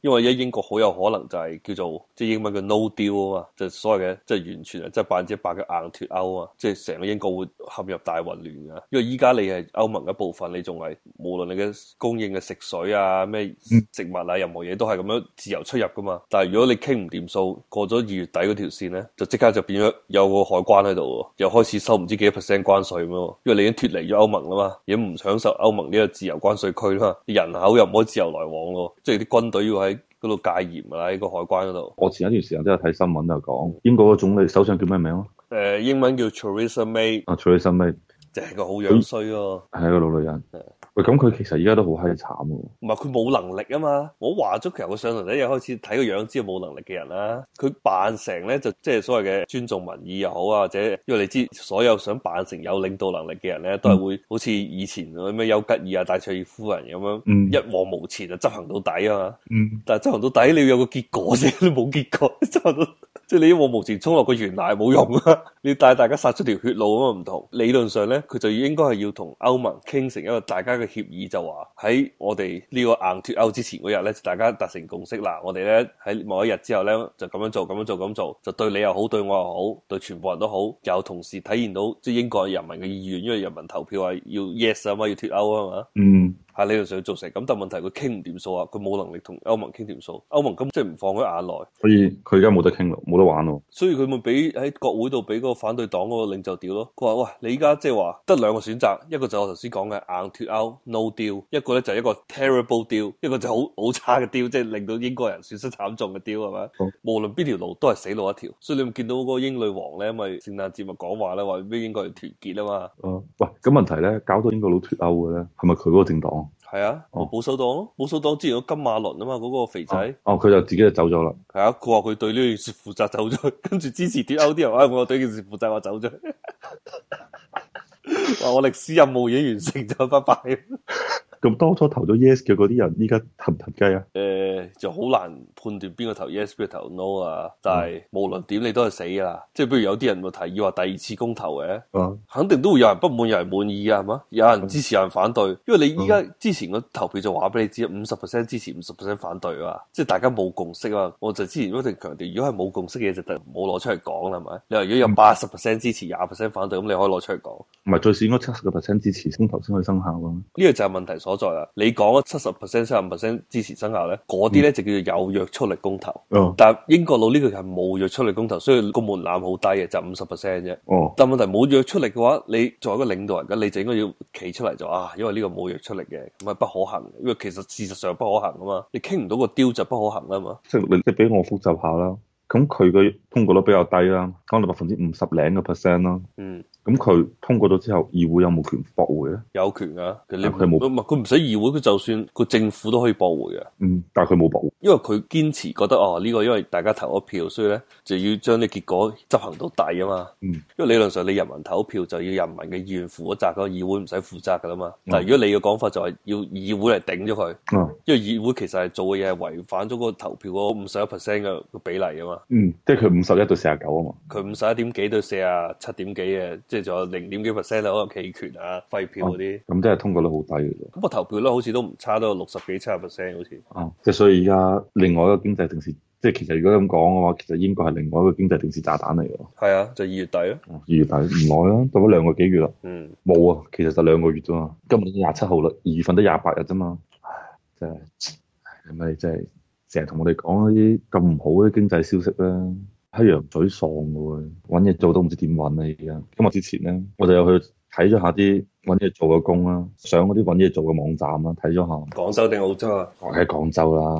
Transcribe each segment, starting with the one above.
因為而家英國好有可能就係叫做即係、就係、英文嘅 no deal 啊嘛，就係、所謂嘅即係完全啊，即係百分之一百嘅硬脫歐啊，即係成個英國會陷入大混亂啊。因為依家你係歐盟嘅部分，你仲係無論你嘅供應嘅食水啊咩植物啊任何嘢都係咁樣自由出入噶嘛。但係如果你傾唔掂數，過咗二月底嗰條線咧，就即刻就變咗有個海關喺度，又開始收唔知幾多 percent 關稅咁咯。因為你已經脫離咗歐盟啦嘛，已經唔享受歐盟呢個自由關稅區啦嘛，人口又唔可以自由來往咯，即係啲軍隊要喺。喺嗰度戒嚴啦，喺個海關嗰度。我前一段時間都有睇新聞，就講英國個總理首相叫咩名咯？誒、呃，英文叫 Theresa May 啊。啊，Theresa May，即係個好樣衰咯，係一、呃、個老女人。咁佢、嗯、其實而家都好閪慘嘅。唔係佢冇能力啊嘛，我話咗其實佢上台咧一開始睇個樣，知係冇能力嘅人啦。佢扮成咧就即係所謂嘅尊重民意又好，或者因為你知所有想扮成有領導能力嘅人咧，都係會、嗯、好似以前嗰啲咩丘吉爾啊、戴卓爾夫人咁樣，嗯、一往無前就執行到底啊嘛。嗯、但係執行到底你要有個結果先，冇結果。即係 你一往無前衝落個懸崖冇用啊！ 你要帶大家殺出條血路咁啊唔同。理論上咧，佢就應該係要同歐盟傾成一個大家嘅。協議就話喺我哋呢個硬脫歐之前嗰日咧，大家達成共識啦。我哋咧喺某一日之後咧，就咁樣做，咁樣做，咁做，就對你又好，對我又好，對全部人都好，又同時體現到即英國人民嘅意願，因為人民投票話要 yes 啊嘛，要脫歐啊嘛。是是嗯。係你哋想做成咁，但係問題佢傾唔掂數啊！佢冇能力同歐盟傾掂數，啊，歐盟根本即係唔放喺眼內。所以佢而家冇得傾咯，冇得玩咯。所以佢咪俾喺國會度俾嗰個反對黨嗰個領袖屌咯。佢話：哇，你而家即係話得兩個選擇，一個就我頭先講嘅硬脱歐 no deal，一個咧就係一個 terrible deal，一個就好好差嘅 deal，即係令到英國人損失慘重嘅 deal 係咪？嗯、無論邊條路都係死路一條。所以你咪見到嗰個英女皇咧，咪聖誕節目講話咧，話咩英國人團結啊嘛？嗯、呃，喂，咁問題咧，搞到英國佬脱歐嘅咧，係咪佢嗰個政黨？係啊，保守黨咯，保守黨之前個金馬倫啊嘛，嗰、那個肥仔，哦佢，哦、就自己就走咗啦。係啊，佢話佢對呢件事負責走咗，跟住支持脱歐啲人，L D、o，哎，我對件事負責我走咗，話 我歷史任務已經完成咗，拜拜。 咁當初投咗 yes 嘅嗰啲人，依家合唔合計啊？誒、欸，就好難判斷邊個投 yes 邊個投 no 啊！但係、嗯、無論點你都係死㗎啦。即係比如有啲人會提議話第二次公投嘅，嗯、肯定都會有人不滿，有人滿意啊，係嘛？有人支持，有人反對。因為你依家、嗯、之前個投票就話俾你知，五十 percent 支持，五十 percent 反對啊，即係大家冇共識啊。我就之前一直強調，如果係冇共識嘅嘢就唔好攞出嚟講啦，係咪？你話如果有八十 percent 支持，廿 percent 反對，咁你可以攞出嚟講。唔係、嗯、最少應該七十個 percent 支持公投先可以生效㗎。呢個就係問題。所在啦，你講咗七十 percent、七十五 percent 支持生效咧，嗰啲咧就叫做有約束力公投，嗯、但英國佬呢個係冇約束力公投，所以個門檻好低嘅，就五十 percent 啫。嗯、但問題冇約束力嘅話，你作為一個領導人咁，你就應該要企出嚟就啊，因為呢個冇約束力嘅，咁係不可行嘅，因為其實事實上不可行啊嘛，你傾唔到個 deal 就不可行啊嘛。即係你即係俾我複習下啦。咁佢嘅通過率比較低啦、啊，可能百分之五十零嘅 percent 咯。啊、嗯，咁佢通過咗之後，議會有冇權駁回咧？有權啊，佢冇，唔佢唔使議會，佢就算個政府都可以駁回嘅。嗯，但係佢冇駁回，因為佢堅持覺得哦，呢、呢個因為大家投咗票，所以咧就要將啲結果執行到底啊嘛。嗯，因為理論上你人民投票就要人民嘅議員負責，個議會唔使負責㗎啦嘛。嗯、但如果你嘅講法就係要議會嚟頂咗佢，嗯、因為議會其實係做嘅嘢係違反咗個投票嗰五十一 percent 嘅個比例啊嘛。嗯，即係佢五十一到四十九啊嘛，佢五十一點幾到四十七點幾嘅，即係仲有零點幾 percent 可能棄權啊、廢票嗰啲，咁、啊、即係通過率好低嘅。咁個投票率好似都唔差，到六十幾七十 percent，好似。哦、啊，即、就、係、是、所以而家另外一個經濟定時，即係其實如果咁講嘅話，其實英國係另外一個經濟定時炸彈嚟嘅。係啊，就二月底啊，二、嗯、月底唔耐啊，到咗兩個幾月啦。嗯，冇啊，其實就兩個月啫嘛，今日都廿七號啦，二月份都廿八日啫嘛。唉，真係，係咪真係？真成日同我哋講嗰啲咁唔好嗰啲經濟消息啦，係羊嘴喪嘅喎，揾嘢做都唔知點揾啦。而家今日之前咧，我就有去睇咗下啲揾嘢做嘅工啦、啊，上嗰啲揾嘢做嘅網站啦、啊，睇咗下。廣州定澳洲啊？我喺廣州啦。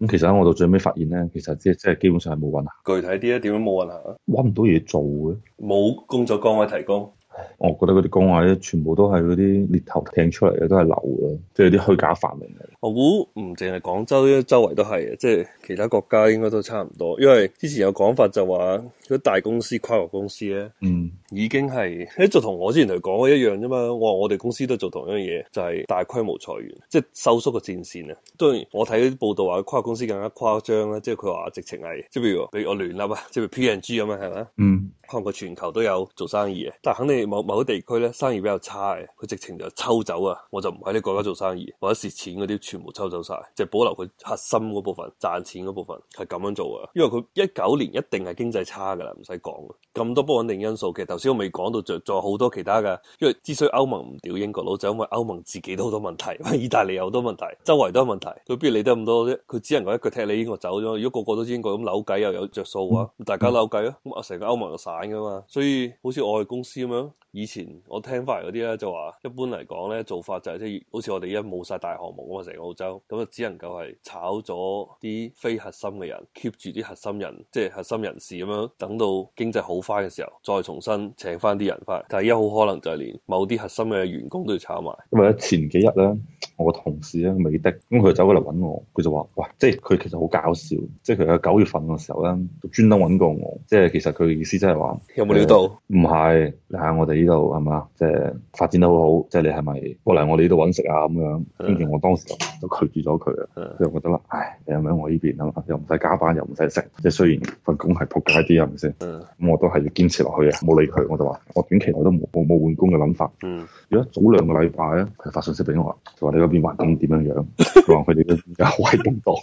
咁其實咧，我到最尾發現咧，其實即即係基本上係冇運行。具體啲咧，點樣冇運行啊？揾唔到嘢做嘅，冇工作崗位提供。我覺得嗰啲工位咧，全部都係嗰啲獵頭聽出嚟嘅，都係流嘅，即係啲虛假發明嚟。我估唔淨係廣州周圍都係，即係其他國家應該都差唔多。因為之前有講法就話，嗰大公司跨國公司咧，嗯，已經係即係就同我之前嚟講一樣啫嘛。我話我哋公司都做同樣嘢，就係大規模裁員，即係收縮嘅戰線啊。當然，我睇啲報道話跨國公司更加誇張啦，即係佢話直情係，即係譬如，譬如我聯立啊，即係 P N G 咁樣係咪？嗯，跨國全球都有做生意嘅，但係肯定。某某個地區咧，生意比較差嘅，佢直情就抽走啊！我就唔喺呢國家做生意，或者蝕錢嗰啲全部抽走晒，曬，淨係、保留佢核心嗰部分賺錢嗰部分係咁樣做啊，因為佢一九年一定係經濟差嘅啦，唔使講咁多不穩定因素。其實頭先我未講到，仲仲有好多其他嘅。因為之所以歐盟唔屌英國佬，就因為歐盟自己都好多問題，意大利有好多問題，周圍都有問題。佢不如理得咁多啫？佢只能夠一句踢你英國走咗。如果個個都知英國咁扭計又有着數啊，大家扭計咯，咁啊成個歐盟就散嘅嘛。所以好似我哋公司咁樣。以前我聽翻嚟嗰啲咧就話，一般嚟講咧做法就係，即係好似我哋而家冇晒大項目啊，成個澳洲咁啊，就只能夠係炒咗啲非核心嘅人，keep 住啲核心人，即係核心人士咁樣，等到經濟好翻嘅時候再重新請翻啲人翻嚟。但係而家好可能就係連某啲核心嘅員工都要炒埋。因為咧前幾日咧，我個同事咧美的，咁佢走過嚟揾我，佢就話：喂，即係佢其實好搞笑，即係佢喺九月份嘅時候咧，專登揾過我。即係其實佢嘅意思有有、呃，即係話有冇料到？唔係，係我哋呢度係嘛？即係發展得好好，即係你係咪過嚟我哋呢度揾食啊？咁樣，跟住我當時就拒絕咗佢啊。嗯、所以我就覺得啦，唉，你係咪喺我呢邊啊？又唔使加班，又唔使食。即係雖然份工係仆街啲，係咪先？咁、嗯、我都係要堅持落去啊！冇理佢，我就話我短期我都冇冇換工嘅諗法。如果、嗯、早兩個禮拜咧，佢發信息俾我，佢話你嗰邊環境點樣樣，佢話佢哋嘅環境好。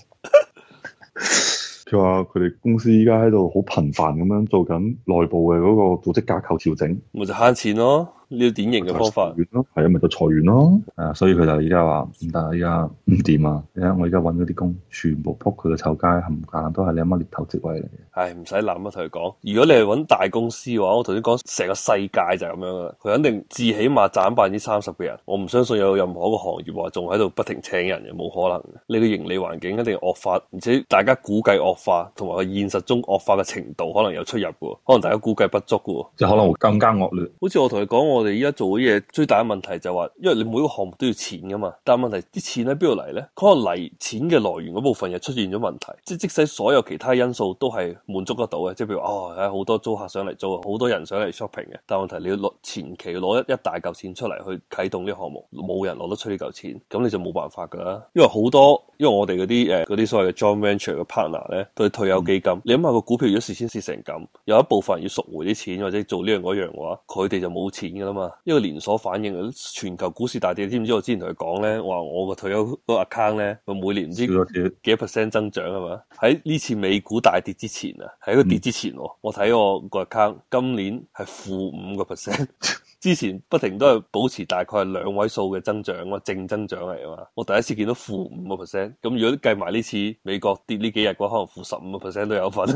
佢話佢哋公司依家喺度好頻繁咁樣做緊內部嘅嗰個組織架構調整，咪就慳錢囉。呢個典型嘅方法咯，係、哎、啊，咪就裁員咯，啊，所以佢就而家話唔得，依家唔掂啊！你睇我而家揾嗰啲工，全部撲佢個臭街，冚家都係你阿媽獵頭職位嚟嘅。唉，唔使諗啊，同佢講，如果你係揾大公司嘅話，我同你講，成個世界就係咁樣啦。佢肯定至起碼斬百分之三十嘅人。我唔相信有任何一個行業話仲喺度不停請人嘅，冇可能。你、這個營利環境一定惡化，而且大家估計惡化同埋佢現實中惡化嘅程度可能有出入嘅，可能大家估計不足嘅，即可能會更加惡劣。好似我同你講我。我哋而家做嘅嘢最大嘅問題就係話，因為你每個項目都要錢噶嘛，但係問題啲錢喺邊度嚟咧？嗰個嚟錢嘅來源嗰部分又出現咗問題，即係即使所有其他因素都係滿足得到嘅，即係譬如哦，好多租客上嚟租，好多人上嚟 shopping 嘅，但係問題你要攞前期攞一一大嚿錢出嚟去啟動呢個項目，冇人攞得出呢嚿錢，咁你就冇辦法噶啦。因為好多因為我哋嗰啲誒嗰啲所謂嘅 joint venture 嘅 partner 咧，都係退休基金。你諗下個股票如果事先事成咁，有一部分要贖回啲錢或者做呢樣嗰樣嘅話，佢哋就冇錢。啊嘛，一個連鎖反應，全球股市大跌，知唔知我之前同佢講咧？話我個退休個 account 咧，我每年唔知幾多 percent 增長係嘛？喺呢次美股大跌之前啊，喺個跌之前，嗯、我睇我個 account 今年係負五個 percent。 之前不停都係保持大概兩位數嘅增長啊，正增長嚟啊嘛，我第一次見到負五個 percent，咁如果計埋呢次美國跌呢幾日嘅話，可能負十五個 percent 都有份，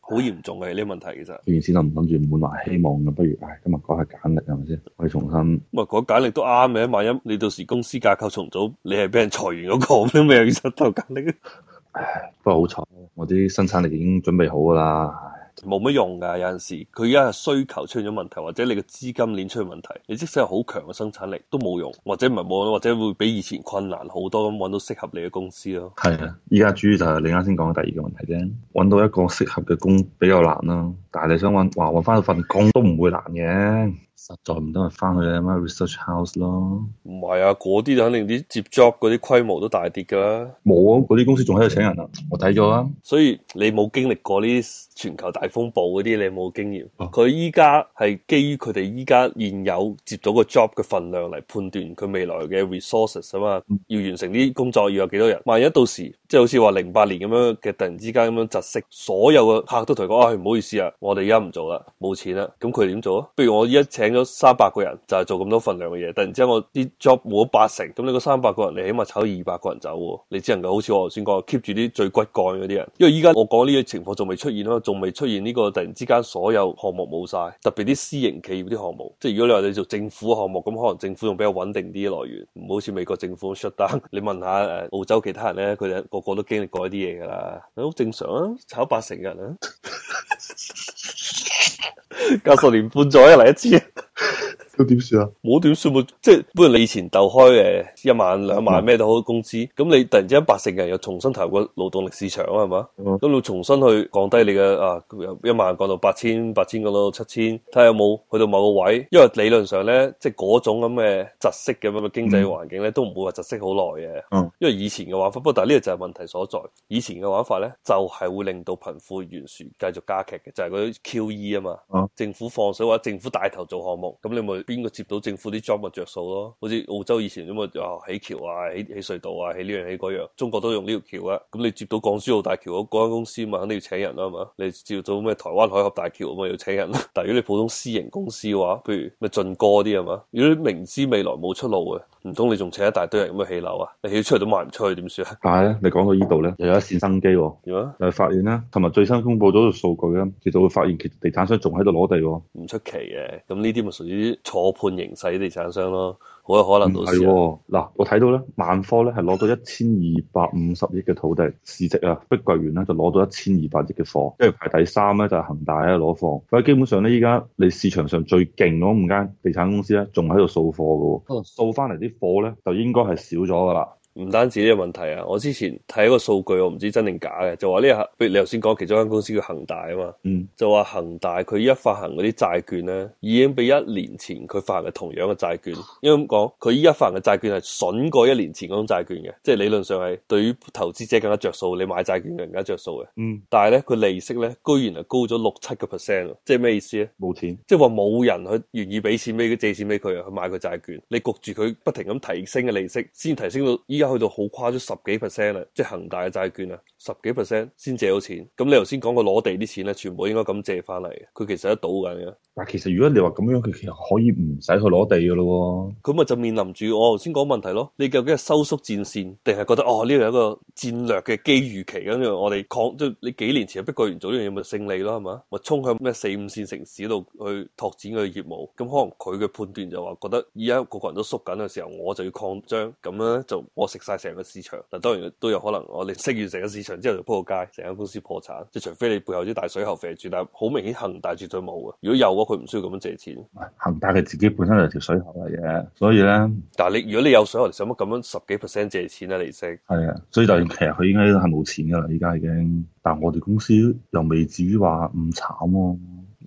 好 嚴重嘅呢問題其實。原先諗諗住滿懷希望嘅，不如唉，今日講下簡歷係咪先？我重新。唔係講簡歷都啱嘅，萬一你到時公司架構重組，你係俾人裁員嗰，那個都未頭？其實投簡歷。唉，不過好彩，我啲生產力已經準備好噶啦。冇乜用噶，有陣時佢而家係需求出現咗問題，或者你個資金鏈出現問題，你即使有好強嘅生產力都冇用，或者唔係冇用，或者會比以前困難好多咁揾到適合你嘅公司咯。係啊，而家主要就係你啱先講嘅第二個問題啫，揾到一個適合嘅工比較難咯，啊。但係你想揾，哇，揾翻到份工都唔會難嘅。實在唔得咪翻去你阿媽 research house 咯，唔係啊，嗰啲就肯定啲接 job 嗰啲規模都大跌噶啦，冇啊，嗰啲公司仲喺度請人啊，我睇咗啦，所以你冇經歷過呢啲全球大風暴嗰啲，你冇經驗，佢依家係基於佢哋依家現有接到個 job 嘅份量嚟判斷佢未來嘅 resources 啊嘛、嗯，要完成啲工作要有幾多人，萬一到時即係、就是、好似話零八年咁樣嘅突然之間咁樣窒息，所有嘅客都同佢講啊，唔好意思啊，我哋而家唔做啦，冇錢啦，咁佢點做啊？不如我依家請。請咗三百個人就係、是、做咁多份量嘅嘢，突然之間我啲 job 冇咗八成，咁你個三百個人你起碼炒二百個人走，你只能夠好似我頭先講，keep 住啲最骨幹嗰啲人。因為依家我講呢個情況仲未出現咯，仲未出現呢、這個突然之間所有項目冇晒，特別啲私營企業啲項目。即係如果你話你做政府項目，咁可能政府仲比較穩定啲嘅來源，唔好似美國政府 shut down。你問下誒澳洲其他人咧，佢哋個個都經歷過一啲嘢噶啦，好、啊、正常啊，炒八成人啊，隔 十年半載嚟一次。都點算啊？冇點算啊，即係不過你以前逗開誒一萬兩萬咩、嗯、都好嘅工資，咁你突然之間八成人又重新投入個勞動力市場啊，係嘛？咁、嗯、你重新去降低你嘅啊，由一萬降到八千，八千降到七千，睇下有冇去到某個位，因為理論上咧，即係嗰種咁嘅窒息嘅咁嘅經濟環境咧，嗯、都唔會話窒息好耐嘅。嗯、因為以前嘅玩法，不過但係呢個就係問題所在，以前嘅玩法咧就係、是、會令到貧富懸殊繼續加劇嘅，就係、是、嗰啲 QE 啊嘛、嗯。政府放水或者政府帶頭做項目，咁你咪。邊個接到政府啲 job 咪著數咯？好似澳洲以前咁啊，起橋啊，起起隧道啊，起呢樣起嗰樣，中國都用呢條橋啊。咁你接到港珠澳大橋嗰間公司嘛，肯定要請人啦係嘛？你接到咩台灣海峽大橋啊嘛，要請人。 但係如果你普通私營公司嘅話，譬如咩進哥啲係嘛，如果你明知未來冇出路嘅。唔通你仲請一大堆人咁樣起樓啊？你起出嚟都賣唔出去，點算啊？但係咧，你講到呢度咧，又有一線生機喎。點啊？誒，發現啦，同埋最新公布咗個數據啦，其實會發現其實地產商仲喺度攞地，唔出奇嘅。咁呢啲咪屬於錯判形勢地產商咯？好有可能到時。係喎，嗱，啊，我睇到咧，萬科咧係攞到一千二百五十億嘅土地市值啊，碧桂園咧就攞到一千二百億嘅貨，跟住排第三咧就係恒大喺度攞貨。所以基本上咧，依家你市場上最勁嗰五間地產公司咧，仲喺度掃貨嘅喎，掃翻嚟啲貨咧就應該係少咗㗎啦。唔單止呢個問題啊！我之前睇一個數據，我唔知真定假嘅，就話呢、這個，比如你頭先講其中間公司叫恒大啊嘛，嗯、就話恒大佢依一發行嗰啲債券咧，已經比一年前佢發行嘅同樣嘅債券，因為咁講，佢依一發行嘅債券係筍過一年前嗰種債券嘅，即係理論上係對於投資者更加着數，你買債券更加着數嘅。嗯，但係咧佢利息咧，居然係高咗六七個 percent 喎！即係咩意思咧？冇錢，即係話冇人去願意俾錢俾佢借錢俾佢去買佢債券，你焗住佢不停咁提升嘅利息，先提升到依去到好誇張十幾 percent 啦，即係恒大嘅債券啊，十幾 percent 先借到錢。咁你頭先講個攞地啲錢咧，全部應該咁借翻嚟，佢其實得到嘅。但係其實如果你話咁樣，佢其實可以唔使去攞地噶咯。咁咪就面臨住我頭先講問題咯。你究竟係收縮戰線，定係覺得哦呢度係一個戰略嘅機遇期？咁樣我哋擴即係你幾年前碧桂園做呢樣嘢咪勝利咯，係嘛咪衝向咩四五線城市度去拓展佢嘅業務。咁可能佢嘅判斷就話覺得而家個個人都縮緊嘅時候，我就要擴張。咁咧就我。食晒成個市場，嗱當然都有可能，我哋食完成個市場之後就扑個街，成間公司破產，即係除非你背後啲大水喉肥住，但係好明顯恒大絕對冇噶。如果有嘅，佢唔需要咁樣借錢。恒大佢自己本身就係條水喉嚟嘅，所以咧，但係你如果你有水喉，你使乜咁樣十幾 percent 借錢啊？利息係啊，所以就其實佢應該係冇錢噶啦，而家已經。但係我哋公司又未至於話唔慘。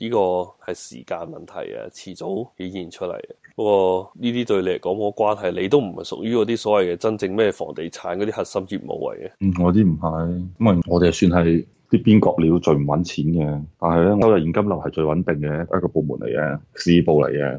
呢個係時間問題啊，遲早顯現出嚟。不過呢啲對你嚟講冇關係，你都唔係屬於嗰啲所謂嘅真正咩房地產嗰啲核心業務嚟嘅。嗯，我啲唔係，因為我哋算係啲邊角料，最唔揾錢嘅。但係咧，我哋現金流係最穩定嘅一個部門嚟嘅，事業部嚟嘅。